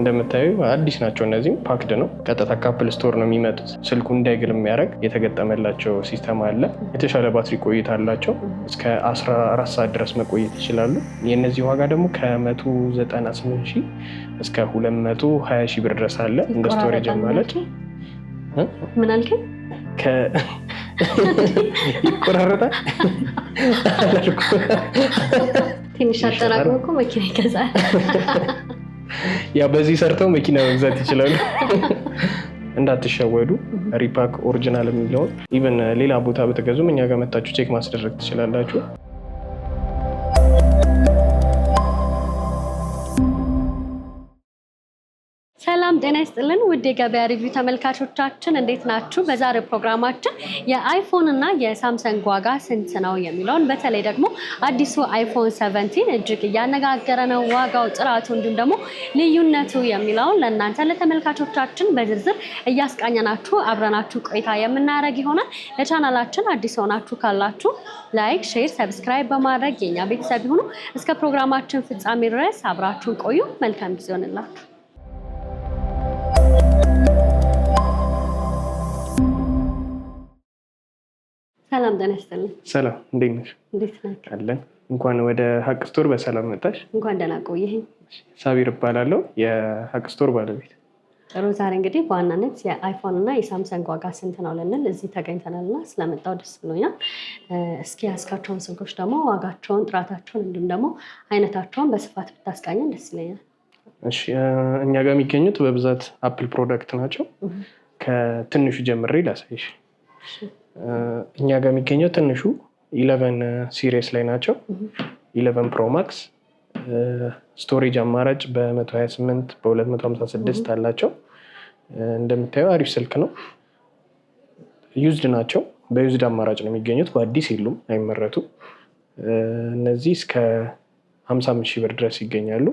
እንደምታዩ አዲስ ናቸው። እነዚህም ፓክድ ነው። ቀጥታ ካፕል ስቶር ነው የሚመጡት። ስልኩ እንዳይግል የሚያደርግ የተገጠመላቸው ሲስተም አለ። የተሻለ ባትሪ ቆይታ አላቸው። እስከ 14 ሰዓት ድረስ መቆየት ይችላሉ። የእነዚህ ዋጋ ደግሞ ከ198 ሺህ እስከ 220 ሺህ ብር ድረስ አለ። እንደ ስቶሬጅ ማለት ምን አልከኝ? ይቆራረጣል ትንሽ አጠራቅሞ እኮ መኪና ይገዛል። ያው በዚህ ሰርተው መኪና መግዛት ይችላሉ። እንዳትሸወዱ። ሪፓክ ኦሪጂናል የሚለውን ኢቨን ሌላ ቦታ በተገዙም እኛ ጋር መታችሁ ቼክ ማስደረግ ትችላላችሁ። ሰላም ጤና ይስጥልን ውድ የገበያ ሪቪው ተመልካቾቻችን እንዴት ናችሁ? በዛሬ ፕሮግራማችን የአይፎን እና የሳምሰንግ ዋጋ ስንት ነው የሚለውን በተለይ ደግሞ አዲሱ አይፎን ሰቨንቲን እጅግ እያነጋገረ ነው፣ ዋጋው፣ ጥራቱ እንዲሁም ደግሞ ልዩነቱ የሚለውን ለእናንተ ለተመልካቾቻችን በዝርዝር እያስቃኘናችሁ አብረናችሁ ቆይታ የምናደርግ ይሆናል። ለቻናላችን አዲስ ሆናችሁ ካላችሁ ላይክ፣ ሼር፣ ሰብስክራይብ በማድረግ የኛ ቤተሰብ ይሁኑ። እስከ ፕሮግራማችን ፍጻሜ ድረስ አብራችሁን ቆዩ። መልካም ጊዜ ሆንላችሁ። ሰላም ጤና ሰላም እንዴት ነሽ? እንዴት ነህ? አለን። እንኳን ወደ ሀቅ ስቶር በሰላም መጣሽ። እንኳን ደህና ቆየኸኝ። ሳቢር እባላለሁ የሀቅ ስቶር ባለቤት። ጥሩ። ዛሬ እንግዲህ በዋናነት የአይፎን እና የሳምሰንግ ዋጋ ስንት ነው ልንል እዚህ ተገኝተናል እና ስለመጣው ደስ ብሎኛል። እስኪ ያስካቸውን ስልኮች ደግሞ ዋጋቸውን፣ ጥራታቸውን እንዲሁም ደግሞ አይነታቸውን በስፋት ብታስቃኘን ደስ ይለኛል። እሺ፣ እኛ ጋር የሚገኙት በብዛት አፕል ፕሮዳክት ናቸው። ከትንሹ ጀምሬ ላሳይሽ እኛ ጋር የሚገኘው ትንሹ ኢለቨን ሲሪስ ላይ ናቸው። ኢለቨን ፕሮማክስ ስቶሬጅ አማራጭ በ128 በ256 አላቸው። እንደምታየው አሪፍ ስልክ ነው። ዩዝድ ናቸው። በዩዝድ አማራጭ ነው የሚገኙት። በአዲስ የሉም፣ አይመረቱም። እነዚህ እስከ 55 ብር ድረስ ይገኛሉ።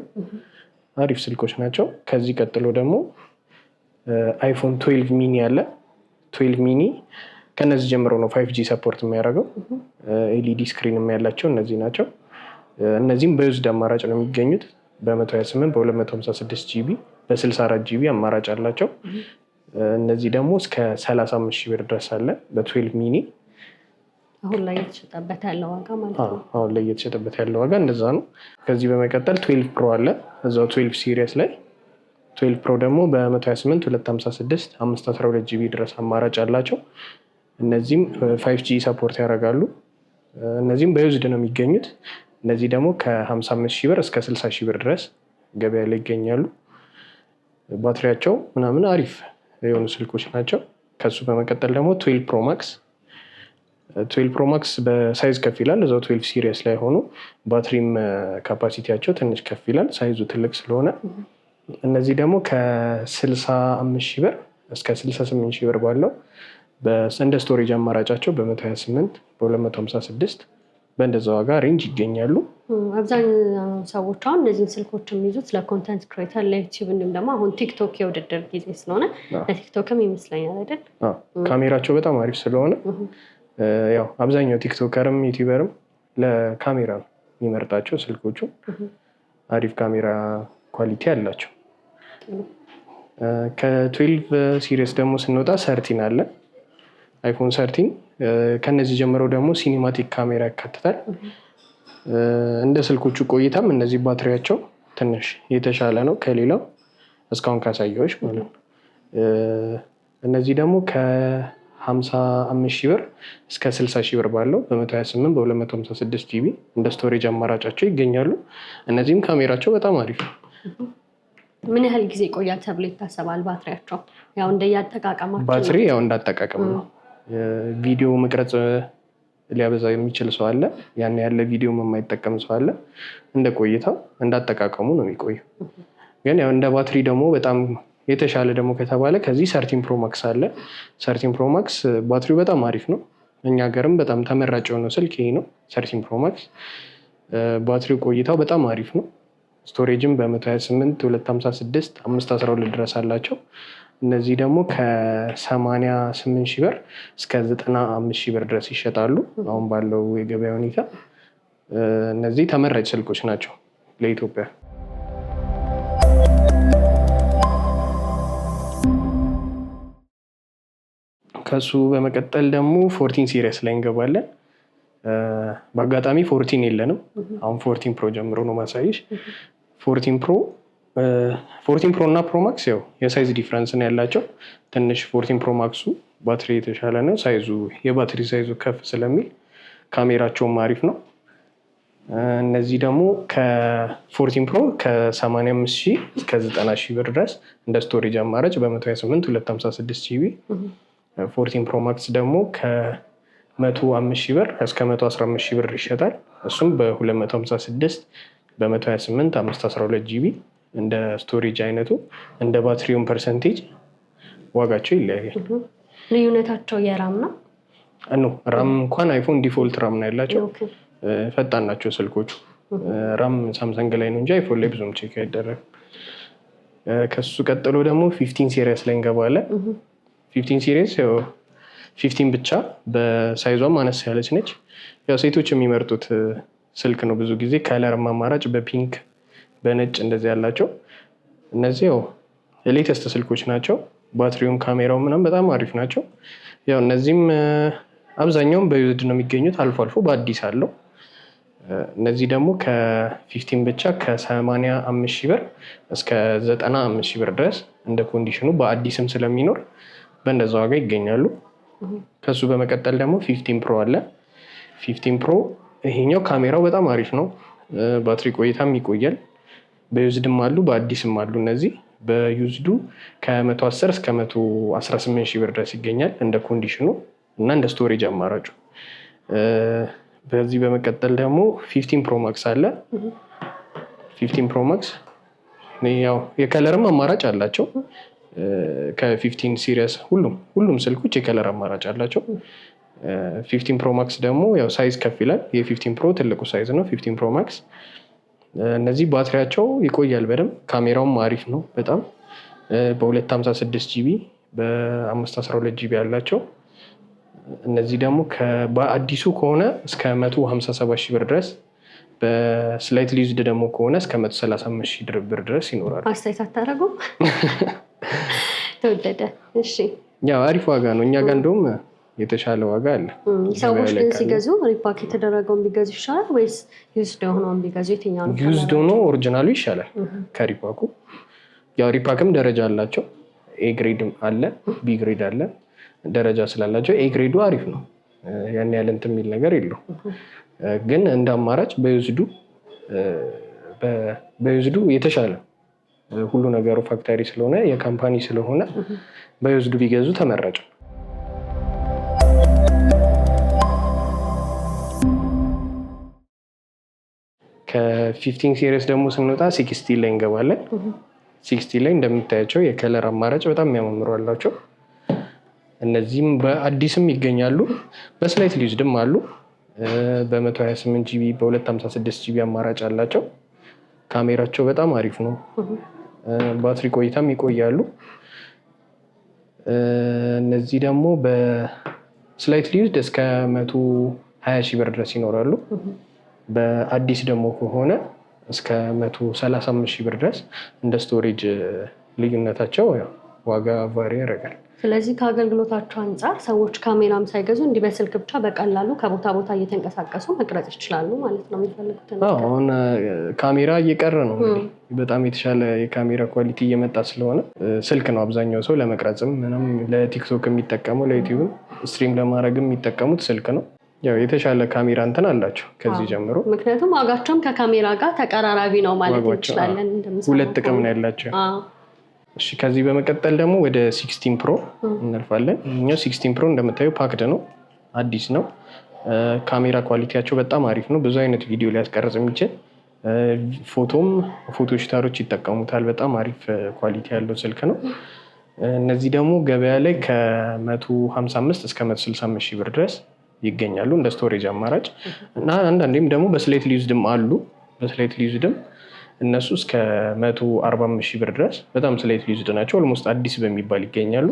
አሪፍ ስልኮች ናቸው። ከዚህ ቀጥሎ ደግሞ አይፎን 12 ሚኒ አለ። 12 ሚኒ ከነዚህ ጀምሮ ነው ፋይቭ ጂ ሰፖርት የሚያደርገው። ኤልኢዲ ስክሪንም ያላቸው እነዚህ ናቸው። እነዚህም በዩዝድ አማራጭ ነው የሚገኙት በ128 በ256 ጂቢ በ64 ጂቢ አማራጭ አላቸው። እነዚህ ደግሞ እስከ 35 ሺህ ብር ድረስ አለ በ12 ሚኒ አሁን ላይ የተሸጠበት ያለው ዋጋ ማለት ነው። አሁን ላይ የተሸጠበት ያለው ዋጋ እንደዛ ነው። ከዚህ በመቀጠል 12 ፕሮ አለ እዛው 12 ሲሪየስ ላይ 12 ፕሮ ደግሞ በ128 256 512 ጂቢ ድረስ አማራጭ አላቸው። እነዚህም ፋይቭ ጂ ሰፖርት ያደርጋሉ። እነዚህም በዩዝድ ነው የሚገኙት። እነዚህ ደግሞ ከ55 ሺህ ብር እስከ 60 ሺህ ብር ድረስ ገበያ ላይ ይገኛሉ። ባትሪያቸው ምናምን አሪፍ የሆኑ ስልኮች ናቸው። ከሱ በመቀጠል ደግሞ ትዌል ፕሮማክስ ትዌል ፕሮማክስ በሳይዝ ከፍ ይላል። እዛው ትዌልቭ ሲሪየስ ላይ ሆኑ ባትሪም ካፓሲቲያቸው ትንሽ ከፍ ይላል ሳይዙ ትልቅ ስለሆነ። እነዚህ ደግሞ ከ65 ሺህ ብር እስከ 68 ሺ ብር ባለው በሰንደ ስቶሬጅ አማራጫቸው በ128 በ256 በእንደዛ ዋጋ ሬንጅ ይገኛሉ። አብዛኛው ሰዎች አሁን እነዚህን ስልኮች የሚይዙት ለኮንተንት ክሬተር ለዩቲዩብ፣ እንዲሁም ደግሞ አሁን ቲክቶክ የውድድር ጊዜ ስለሆነ ለቲክቶክም ይመስለኛል አይደል? ካሜራቸው በጣም አሪፍ ስለሆነ ያው አብዛኛው ቲክቶከርም ዩቲበርም ለካሜራ የሚመርጣቸው። ስልኮቹ አሪፍ ካሜራ ኳሊቲ አላቸው። ከትዌልቭ ሲሪየስ ደግሞ ስንወጣ ሰርቲን አለ። አይፎን ሰርቲን ከነዚህ ጀምረው ደግሞ ሲኒማቲክ ካሜራ ያካትታል። እንደ ስልኮቹ ቆይታም እነዚህ ባትሪያቸው ትንሽ የተሻለ ነው ከሌላው እስካሁን ካሳየዎች ማለት ነው። እነዚህ ደግሞ ከ አምስት ብር እስከ 60 ሺ ብር ባለው በ28 256 መቶ ጂቢ እንደ ስቶሬጅ አማራጫቸው ይገኛሉ። እነዚህም ካሜራቸው በጣም አሪፍ ምን ያህል ጊዜ ቆያ ተብሎ ይታሰባል? ባትሪያቸው ያው ያጠቃቀማቸው ባትሪ ያው እንዳጠቃቀም ነው ቪዲዮ መቅረጽ ሊያበዛ የሚችል ሰው አለ። ያን ያለ ቪዲዮ የማይጠቀም ሰው አለ። እንደ ቆይታው እንዳጠቃቀሙ ነው የሚቆየው። ግን ያው እንደ ባትሪ ደግሞ በጣም የተሻለ ደግሞ ከተባለ ከዚህ ሰርቲን ፕሮማክስ አለ። ሰርቲን ፕሮማክስ ባትሪው በጣም አሪፍ ነው። እኛ ሀገርም በጣም ተመራጭ የሆነው ስልክ ይሄ ነው፣ ሰርቲን ፕሮማክስ። ባትሪው ቆይታው በጣም አሪፍ ነው። ስቶሬጅም በ128 256 512 ድረስ አላቸው። እነዚህ ደግሞ ከ88 ሺህ ብር እስከ ዘጠና ሺህ ብር ድረስ ይሸጣሉ። አሁን ባለው የገበያ ሁኔታ እነዚህ ተመራጭ ስልኮች ናቸው ለኢትዮጵያ። ከሱ በመቀጠል ደግሞ ፎርቲን ሲሪየስ ላይ እንገባለን። በአጋጣሚ ፎርቲን የለንም። አሁን ፎርቲን ፕሮ ጀምሮ ነው ማሳየሽ። ፎርቲን ፕሮ ፎርቲን ፕሮ እና ፕሮ ማክስ ያው የሳይዝ ዲፍረንስ ነው ያላቸው። ትንሽ ፎርቲን ፕሮ ማክሱ ባትሪ የተሻለ ነው። ሳይዙ የባትሪ ሳይዙ ከፍ ስለሚል ካሜራቸውም አሪፍ ነው። እነዚህ ደግሞ ከፎርቲን ፕሮ ከ85 ሺህ እስከ 90 ሺህ ብር ድረስ እንደ ስቶሬጅ አማራጭ በ128 256 ጂቢ፣ ፎርቲን ፕሮ ማክስ ደግሞ ከ105 ሺህ ብር እስከ 115 ሺህ ብር ይሸጣል። እሱም በ256 በ128 512 ጂቢ እንደ ስቶሬጅ አይነቱ እንደ ባትሪውን ፐርሰንቴጅ ዋጋቸው ይለያያል። ልዩነታቸው የራም ነው ኖ ራም እንኳን አይፎን ዲፎልት ራም ነው ያላቸው። ፈጣን ናቸው ስልኮቹ። ራም ሳምሰንግ ላይ ነው እንጂ አይፎን ላይ ብዙም ቼክ አይደረግም። ከሱ ቀጥሎ ደግሞ ፊፍቲን ሲሪየስ ላይ እንገባለን። ፊፍቲን ሲሪየስ ያው ፊፍቲን ብቻ በሳይዟም አነስ ያለች ነች። ያው ሴቶች የሚመርጡት ስልክ ነው ብዙ ጊዜ ከለርም አማራጭ በፒንክ በነጭ እንደዚህ ያላቸው እነዚህ ያው የሌተስት ስልኮች ናቸው። ባትሪውም ካሜራው ምናም በጣም አሪፍ ናቸው። ያው እነዚህም አብዛኛውም በዩዝድ ነው የሚገኙት። አልፎ አልፎ በአዲስ አለው። እነዚህ ደግሞ ከፊፍቲን ብቻ ከሰማንያ አምስት ሺህ ብር እስከ ዘጠና አምስት ሺህ ብር ድረስ እንደ ኮንዲሽኑ በአዲስም ስለሚኖር በእንደዛ ዋጋ ይገኛሉ። ከሱ በመቀጠል ደግሞ ፊፍቲን ፕሮ አለ። ፊፍቲን ፕሮ ይሄኛው ካሜራው በጣም አሪፍ ነው። ባትሪ ቆይታም ይቆያል። በዩዝድም አሉ በአዲስም አሉ። እነዚህ በዩዝዱ ከ110 እስከ 118 ሺህ ብር ድረስ ይገኛል እንደ ኮንዲሽኑ እና እንደ ስቶሬጅ አማራጩ። በዚህ በመቀጠል ደግሞ ፊፍቲን ፕሮማክስ አለ። ፊፍቲን ፕሮማክስ ያው የከለርም አማራጭ አላቸው ከፊፍቲን ሲሪየስ ሁሉም ሁሉም ስልኮች የከለር አማራጭ አላቸው። ፊፍቲን ፕሮማክስ ደግሞ ያው ሳይዝ ከፍ ይላል። የፊፍቲን ፕሮ ትልቁ ሳይዝ ነው ፊፍቲን ፕሮማክስ እነዚህ ባትሪያቸው ይቆያል በደም ካሜራውም አሪፍ ነው በጣም በ256 ጂቢ በ512 ጂቢ ያላቸው እነዚህ ደግሞ በአዲሱ ከሆነ እስከ 157 ሺህ ብር ድረስ በስላይት ሊዝድ ደግሞ ከሆነ እስከ 135 ብር ድረስ ይኖራሉ። አስተያየት አታደርጉም? ተወደደ። እሺ ያው አሪፍ ዋጋ ነው እኛ ጋር እንደውም የተሻለ ዋጋ አለ። ሰዎች ግን ሲገዙ ሪፓክ የተደረገውን ቢገዙ ይሻላል ወይስ ዩዝድ የሆነውን ቢገዙ የትኛው ነው? ዩዝድ ሆኖ ኦሪጂናሉ ይሻላል ከሪፓኩ። ያው ሪፓክም ደረጃ አላቸው። ኤ ግሬድም አለ፣ ቢ ግሬድ አለ። ደረጃ ስላላቸው ኤ ግሬዱ አሪፍ ነው። ያን ያህል እንትን የሚል ነገር የለው። ግን እንደ አማራጭ በዩዝዱ በዩዝዱ የተሻለ ሁሉ ነገሩ ፋክተሪ ስለሆነ የካምፓኒ ስለሆነ በዩዝዱ ቢገዙ ተመራጭ ነው። ከፊፍቲን ሲሪስ ደግሞ ስንወጣ ሲክስቲ ላይ እንገባለን። ሲክስቲ ላይ እንደምታያቸው የከለር አማራጭ በጣም የሚያማምሩ አላቸው። እነዚህም በአዲስም ይገኛሉ፣ በስላይት ሊዝድም አሉ። በ128 ጂቢ በ256 ጂቢ አማራጭ አላቸው። ካሜራቸው በጣም አሪፍ ነው። ባትሪ ቆይታም ይቆያሉ። እነዚህ ደግሞ በስላይት ሊዝድ እስከ 120 ሺህ ብር ድረስ ይኖራሉ። በአዲስ ደግሞ ከሆነ እስከ 135 ሺህ ብር ድረስ እንደ ስቶሬጅ ልዩነታቸው ዋጋ ቫሪ ያደርጋል። ስለዚህ ከአገልግሎታቸው አንጻር ሰዎች ካሜራም ሳይገዙ እንዲህ በስልክ ብቻ በቀላሉ ከቦታ ቦታ እየተንቀሳቀሱ መቅረጽ ይችላሉ ማለት ነው። የሚፈልጉትን አሁን ካሜራ እየቀረ ነው እንግዲህ በጣም የተሻለ የካሜራ ኳሊቲ እየመጣ ስለሆነ ስልክ ነው አብዛኛው ሰው ለመቅረጽም ምናምን ለቲክቶክ የሚጠቀመው ለዩቲዩብ ስትሪም ለማድረግም የሚጠቀሙት ስልክ ነው። ያው የተሻለ ካሜራ እንትን አላቸው ከዚህ ጀምሮ ምክንያቱም ዋጋቸውም ከካሜራ ጋር ተቀራራቢ ነው ማለት እንችላለን። ሁለት ጥቅም ነው ያላቸው። እሺ ከዚህ በመቀጠል ደግሞ ወደ ሲክስቲን ፕሮ እናልፋለን። እኛው ሲክስቲን ፕሮ እንደምታዩ ፓክድ ነው፣ አዲስ ነው። ካሜራ ኳሊቲያቸው በጣም አሪፍ ነው። ብዙ አይነት ቪዲዮ ሊያስቀርጽ የሚችል ፎቶም ፎቶ ሽታሮች ይጠቀሙታል። በጣም አሪፍ ኳሊቲ ያለው ስልክ ነው። እነዚህ ደግሞ ገበያ ላይ ከመቶ ሀምሳ አምስት እስከ መቶ ስልሳ አምስት ሺህ ብር ድረስ ይገኛሉ እንደ ስቶሬጅ አማራጭ እና አንዳንዴም ደግሞ በስሌት ሊዩዝድም አሉ። በስሌት ሊዩዝድም እነሱ እስከ መቶ አርባ አምስት ሺህ ብር ድረስ በጣም ስሌት ሊዩዝድ ናቸው። ኦልሞስት አዲስ በሚባል ይገኛሉ።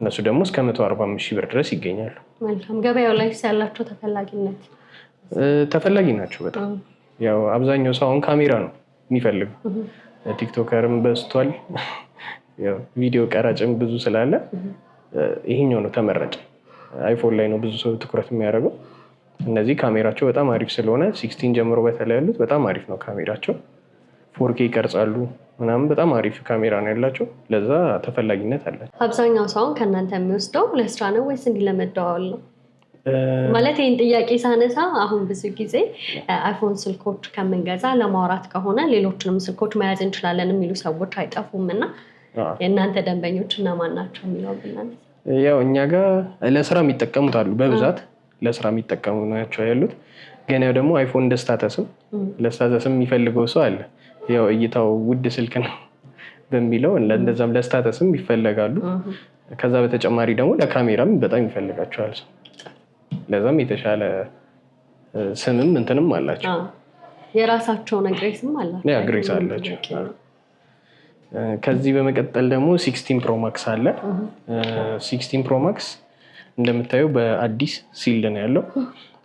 እነሱ ደግሞ እስከ መቶ አርባ አምስት ሺህ ብር ድረስ ይገኛሉ። መልካም ገበያው ላይ ያላቸው ተፈላጊነት ተፈላጊ ናቸው በጣም ያው አብዛኛው ሰውን ካሜራ ነው የሚፈልጉ ቲክቶከርም በዝቷል። ቪዲዮ ቀራጭም ብዙ ስላለ ይሄኛው ነው ተመረጭ አይፎን ላይ ነው ብዙ ሰው ትኩረት የሚያደርገው። እነዚህ ካሜራቸው በጣም አሪፍ ስለሆነ ሲክስቲን ጀምሮ በተለይ ያሉት በጣም አሪፍ ነው ካሜራቸው። ፎርኬ ይቀርጻሉ ምናምን በጣም አሪፍ ካሜራ ነው ያላቸው። ለዛ ተፈላጊነት አለ። አብዛኛው ሰውን ከእናንተ የሚወስደው ለስራ ነው ወይስ እንዲ ለመደዋል ነው? ማለት ይህን ጥያቄ ሳነሳ አሁን ብዙ ጊዜ አይፎን ስልኮች ከምንገዛ ለማውራት ከሆነ ሌሎችንም ስልኮች መያዝ እንችላለን የሚሉ ሰዎች አይጠፉም እና የእናንተ ደንበኞች እነማን ናቸው የሚለው ብናነሳ ያው እኛ ጋር ለስራ የሚጠቀሙት አሉ በብዛት ለስራ የሚጠቀሙ ናቸው ያሉት። ግን ያው ደግሞ አይፎን እንደስታተስም ለስታተስም የሚፈልገው ሰው አለ። ያው እይታው ውድ ስልክ ነው በሚለው እንደዛም ለስታተስም ይፈለጋሉ። ከዛ በተጨማሪ ደግሞ ለካሜራም በጣም ይፈልጋቸዋል ሰው። ለዛም የተሻለ ስምም እንትንም አላቸው። የራሳቸውን ግሬስም አላቸው። ግሬስ አላቸው። ከዚህ በመቀጠል ደግሞ ሲክስቲን ፕሮማክስ አለ። ሲክስቲን ፕሮማክስ እንደምታየው በአዲስ ሲልድ ነው ያለው።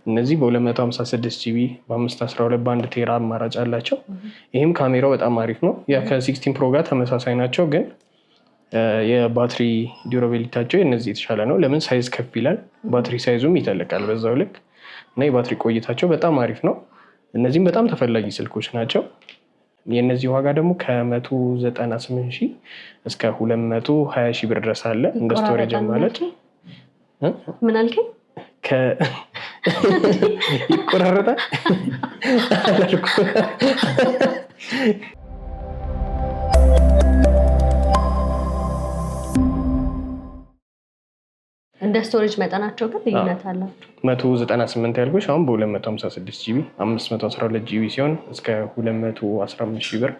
እነዚህ በ256 ጂቢ በ512 በአንድ ቴራ አማራጭ አላቸው። ይህም ካሜራው በጣም አሪፍ ነው። ያ ከሲክስቲን ፕሮ ጋር ተመሳሳይ ናቸው፣ ግን የባትሪ ዲሮቤሊታቸው የነዚህ የተሻለ ነው። ለምን ሳይዝ ከፍ ይላል፣ ባትሪ ሳይዙም ይተለቃል በዛው ልክ እና የባትሪ ቆይታቸው በጣም አሪፍ ነው። እነዚህም በጣም ተፈላጊ ስልኮች ናቸው። የእነዚህ ዋጋ ደግሞ ከመቶ ዘጠና ስምንት ሺህ እስከ ሁለት መቶ ሀያ ሺህ ብር ድረስ አለ። እንደ ስቶሬጅ ማለት ምን አልከኝ? ይቆራረጣል አላልኩም። እንደ ስቶሬጅ መጠናቸው ግን ልዩነት አላቸው። መቶ ዘጠና ስምንት ያልኩሽ አሁን በሁለት መቶ ሀምሳ ስድስት ጂቢ አምስት መቶ አስራ ሁለት ጂቢ ሲሆን እስከ ሁለት መቶ አስራ አምስት ሺህ ብር፣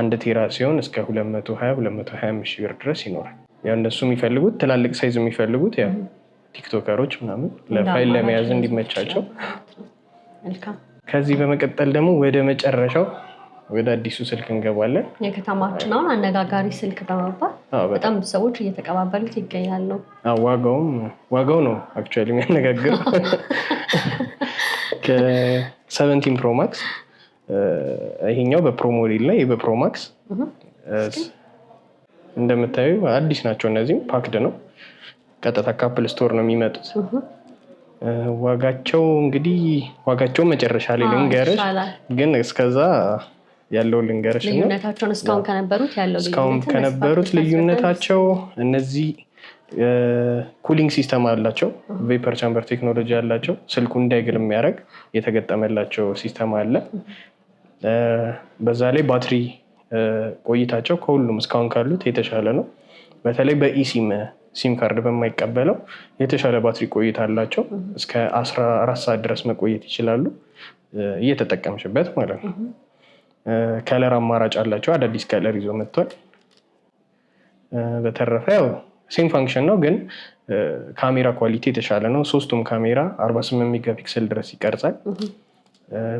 አንድ ቴራ ሲሆን እስከ ሁለት መቶ ሀያ ሁለት መቶ ሀያ አምስት ሺህ ብር ድረስ ይኖራል። ያው እነሱ የሚፈልጉት ትላልቅ ሳይዝ የሚፈልጉት ያው ቲክቶከሮች ምናምን ለፋይል ለመያዝ እንዲመቻቸው። ከዚህ በመቀጠል ደግሞ ወደ መጨረሻው ወደ አዲሱ ስልክ እንገባለን። የከተማችን አሁን አነጋጋሪ ስልክ በመባል በጣም ብዙ ሰዎች እየተቀባበሉት ይገኛሉ። ዋጋውም ዋጋው ነው አክቹዋሊ የሚያነጋግር ከሰቨንቲን ፕሮማክስ ይሄኛው በፕሮሞዴል ላይ በፕሮማክስ እንደምታዩ አዲስ ናቸው። እነዚህም ፓክድ ነው። ቀጥታ ካፕል ስቶር ነው የሚመጡት። ዋጋቸው እንግዲህ ዋጋቸው መጨረሻ ላይ ልንገርሽ፣ ግን እስከዛ ያለው ልንገርሽ። ልዩነታቸውን እስካሁን ከነበሩት ያለው እስካሁን ከነበሩት ልዩነታቸው እነዚህ ኩሊንግ ሲስተም አላቸው። ቬፐር ቻምበር ቴክኖሎጂ አላቸው። ስልኩ እንዳይግል የሚያደርግ የተገጠመላቸው ሲስተም አለ። በዛ ላይ ባትሪ ቆይታቸው ከሁሉም እስካሁን ካሉት የተሻለ ነው። በተለይ በኢሲም ሲም ካርድ በማይቀበለው የተሻለ ባትሪ ቆይታ አላቸው። እስከ አስራ አራት ሰዓት ድረስ መቆየት ይችላሉ፣ እየተጠቀምሽበት ማለት ነው። ከለር አማራጭ አላቸው። አዳዲስ ከለር ይዞ መጥቷል። በተረፈ ያው ሴም ፋንክሽን ነው፣ ግን ካሜራ ኳሊቲ የተሻለ ነው። ሶስቱም ካሜራ 48 ሜጋ ፒክሰል ድረስ ይቀርጻል።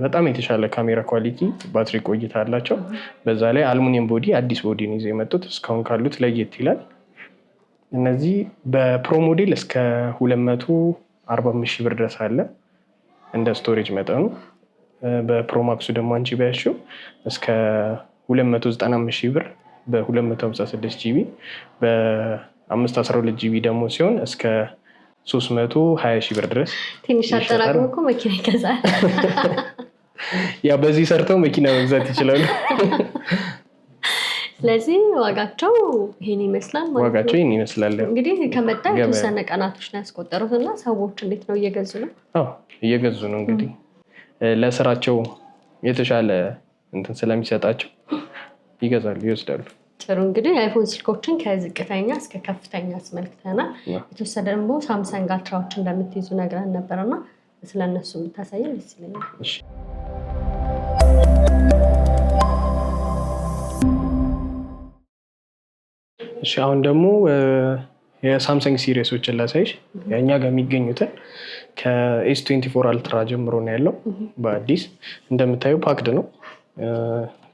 በጣም የተሻለ ካሜራ ኳሊቲ፣ ባትሪ ቆይታ አላቸው። በዛ ላይ አልሙኒየም ቦዲ፣ አዲስ ቦዲን ይዘ የመጡት እስካሁን ካሉት ለየት ይላል። እነዚህ በፕሮ ሞዴል እስከ 245 ሺህ ብር ድረስ አለ እንደ ስቶሬጅ መጠኑ በፕሮማክሱ ደግሞ አንቺ ቢያሽው እስከ 295 ብር በ256 ጂቢ በ512 ጂቢ ደግሞ ሲሆን እስከ 320 ሺ ብር ድረስ ትንሽ አጠራቅም መኪና ይገዛል። ያ በዚህ ሰርተው መኪና መግዛት ይችላሉ። ስለዚህ ዋጋቸው ይህን ይመስላል ዋጋቸው ይህን ይመስላል። እንግዲህ ከመጣ የተወሰነ ቀናቶች ነው ያስቆጠሩት እና ሰዎች እንዴት ነው እየገዙ ነው? እየገዙ ነው እንግዲህ ለስራቸው የተሻለ እንትን ስለሚሰጣቸው ይገዛሉ፣ ይወስዳሉ። ጥሩ እንግዲህ የአይፎን ስልኮችን ከዝቅተኛ እስከ ከፍተኛ አስመልክተናል። የተወሰደ ደግሞ ሳምሰንግ አልትራዎች እንደምትይዙ ነግረን ነበርና ስለነሱ የምታሳየን ደስ ይለኛል። እሺ አሁን ደግሞ የሳምሰንግ ሲሪየሶችን ላሳይሽ የእኛ ጋር የሚገኙትን ከኤስ ትዌንቲ ፎር አልትራ ጀምሮ ነው ያለው በአዲስ እንደምታየው ፓክድ ነው።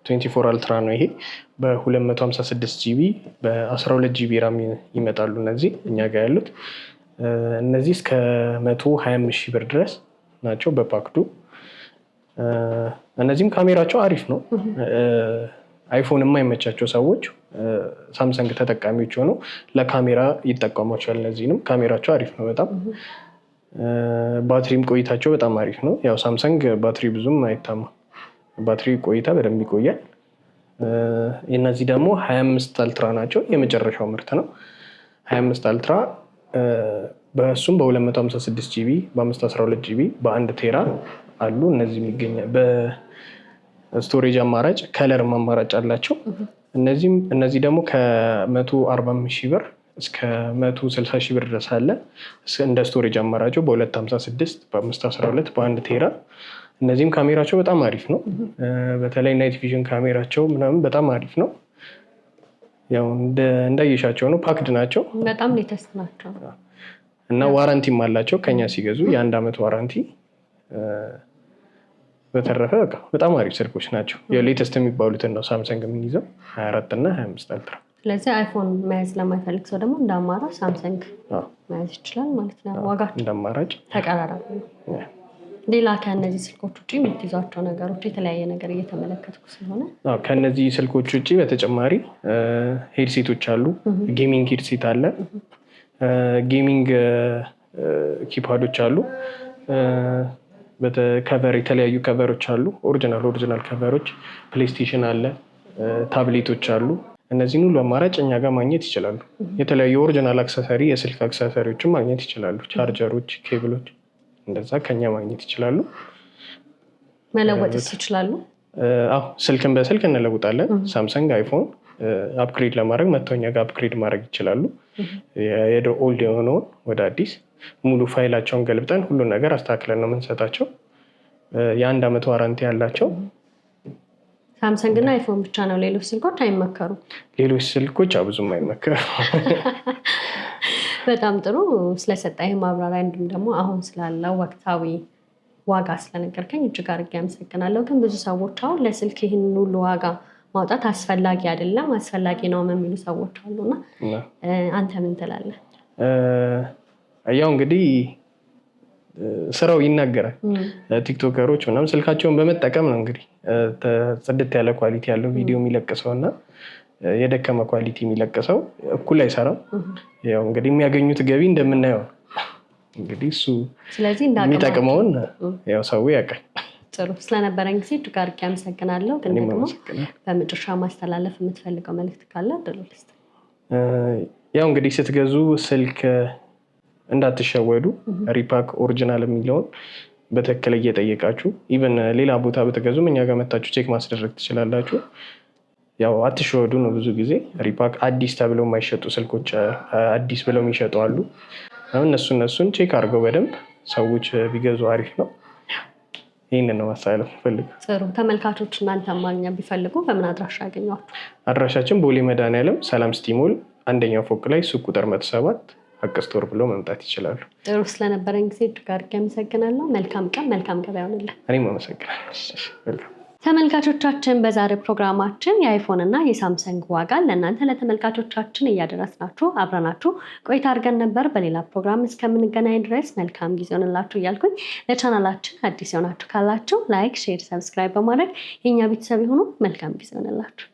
ትዌንቲ ፎር አልትራ ነው ይሄ። በ256 ጂቢ በ12 ጂቢ ራም ይመጣሉ እነዚህ እኛ ጋር ያሉት እነዚህ እስከ 125 ሺ ብር ድረስ ናቸው በፓክዱ። እነዚህም ካሜራቸው አሪፍ ነው። አይፎን የማይመቻቸው ሰዎች ሳምሰንግ ተጠቃሚዎች ሆነው ለካሜራ ይጠቀሟቸዋል። እነዚህንም ካሜራቸው አሪፍ ነው በጣም ባትሪም ቆይታቸው በጣም አሪፍ ነው። ያው ሳምሰንግ ባትሪ ብዙም አይታማም። ባትሪ ቆይታ በደንብ ይቆያል። እነዚህ ደግሞ ሀያ አምስት አልትራ ናቸው። የመጨረሻው ምርት ነው። ሀያ አምስት አልትራ በእሱም በ ስድስት ጂቢ በአምስት አስራ ሁለት ጂቢ በአንድ ቴራ አሉ። እነዚህ ይገኛል በስቶሬጅ አማራጭ ከለርም አማራጭ አላቸው። እነዚህ ደግሞ ከ140 ሺህ ብር እስከ 160 ሺህ ብር ድረስ አለ። እንደ ስቶሬጅ አማራጩ በ256 በ512 በአንድ ቴራ። እነዚህም ካሜራቸው በጣም አሪፍ ነው። በተለይ ናይት ቪዥን ካሜራቸው ምናምን በጣም አሪፍ ነው። ያው እንዳየሻቸው ነው፣ ፓክድ ናቸው። በጣም ሌተስት ናቸው እና ዋራንቲም አላቸው ከኛ ሲገዙ የአንድ ዓመት ዋራንቲ። በተረፈ በቃ በጣም አሪፍ ስልኮች ናቸው። ሌተስት የሚባሉትን ነው ሳምሰንግ የምንይዘው 24 እና 25 አልትራ ስለዚህ አይፎን መያዝ ለማይፈልግ ሰው ደግሞ እንደ አማራጭ ሳምሰንግ መያዝ ይችላል ማለት ነው። ዋጋ እንደ አማራጭ ተቀራራቢ ነው። ሌላ ከእነዚህ ስልኮች ውጭ የምትይዟቸው ነገሮች የተለያየ ነገር እየተመለከትኩ ስለሆነ ከእነዚህ ስልኮች ውጭ በተጨማሪ ሄድሴቶች አሉ። ጌሚንግ ሄድሴት አለ። ጌሚንግ ኪፓዶች አሉ። ከቨር የተለያዩ ከቨሮች አሉ። ኦሪጂናል ኦሪጂናል ከቨሮች ፕሌይስቴሽን አለ። ታብሌቶች አሉ። እነዚህን ሁሉ አማራጭ እኛ ጋር ማግኘት ይችላሉ። የተለያዩ ኦሪጂናል አክሰሰሪ የስልክ አክሰሰሪዎችን ማግኘት ይችላሉ። ቻርጀሮች፣ ኬብሎች እንደዛ ከኛ ማግኘት ይችላሉ። መለወጥስ ይችላሉ? አዎ ስልክን በስልክ እንለውጣለን። ሳምሰንግ፣ አይፎን አፕግሬድ ለማድረግ መጥተው እኛ ጋር አፕግሬድ ማድረግ ይችላሉ። ኦልድ የሆነውን ወደ አዲስ ሙሉ ፋይላቸውን ገልብጠን ሁሉን ነገር አስተካክለን ነው የምንሰጣቸው። የአንድ አመት ዋራንቲ ያላቸው ሳምሰንግ እና አይፎን ብቻ ነው። ሌሎች ስልኮች አይመከሩም። ሌሎች ስልኮች አብዙም አይመከሩ በጣም ጥሩ ስለሰጣይ ማብራሪያ እንዲሁም ደግሞ አሁን ስላለው ወቅታዊ ዋጋ ስለነገርከኝ እጅግ አድርጌ አመሰግናለሁ። ግን ብዙ ሰዎች አሁን ለስልክ ይህን ሁሉ ዋጋ ማውጣት አስፈላጊ አይደለም አስፈላጊ ነው የሚሉ ሰዎች አሉና አንተ ምን ትላለህ? ያው እንግዲህ ስራው ይናገራል። ቲክቶከሮች ምናምን ስልካቸውን በመጠቀም ነው እንግዲህ ጽድት ያለ ኳሊቲ ያለው ቪዲዮ የሚለቅሰው እና የደከመ ኳሊቲ የሚለቅሰው እኩል አይሰራም። ያው እንግዲህ የሚያገኙት ገቢ እንደምናየው እንግዲህ እሱ የሚጠቅመውን ያው ሰው ያውቃል። ጥሩ ስለነበረን ጊዜ እጅግ አድርጌ አመሰግናለሁ። ግን ደግሞ በመጨረሻ ማስተላለፍ የምትፈልገው መልዕክት ካለ ያው እንግዲህ ስትገዙ ስልክ እንዳትሸወዱ ሪፓክ ኦሪጂናል የሚለውን በትክክል እየጠየቃችሁ ኢቨን ሌላ ቦታ በተገዙም እኛ ጋር መታችሁ ቼክ ማስደረግ ትችላላችሁ። ያው አትሸወዱ ነው። ብዙ ጊዜ ሪፓክ አዲስ ተብለው የማይሸጡ ስልኮች አዲስ ብለው የሚሸጡ አሉ። እነሱ እነሱን ቼክ አድርገው በደንብ ሰዎች ቢገዙ አሪፍ ነው። ይህን ነው ማስተላለፍ ፈልግ። ጥሩ ተመልካቾች፣ እናንተ ማግኛ ቢፈልጉ በምን አድራሻ ያገኘዋል? አድራሻችን ቦሌ ያለም ሰላም ስቲሞል አንደኛው ፎቅ ላይ ሱቅ ቁጥር መቶ ሰባት አቀስቶር ብሎ መምጣት ይችላሉ። ጥሩ ስለነበረን ጊዜ እጅግ አድርጌ አመሰግናለሁ። መልካም ቀን፣ መልካም ገበያ ሆንልን። እኔም አመሰግናለሁ። ተመልካቾቻችን በዛሬ ፕሮግራማችን የአይፎን እና የሳምሰንግ ዋጋ ለእናንተ ለተመልካቾቻችን እያደረስናችሁ አብረናችሁ ቆይታ አድርገን ነበር። በሌላ ፕሮግራም እስከምንገናኝ ድረስ መልካም ጊዜ ሆንላችሁ እያልኩኝ ለቻናላችን አዲስ የሆናችሁ ካላችሁ ላይክ፣ ሼር፣ ሰብስክራይብ በማድረግ የእኛ ቤተሰብ የሆኑ መልካም ጊዜ ሆንላችሁ።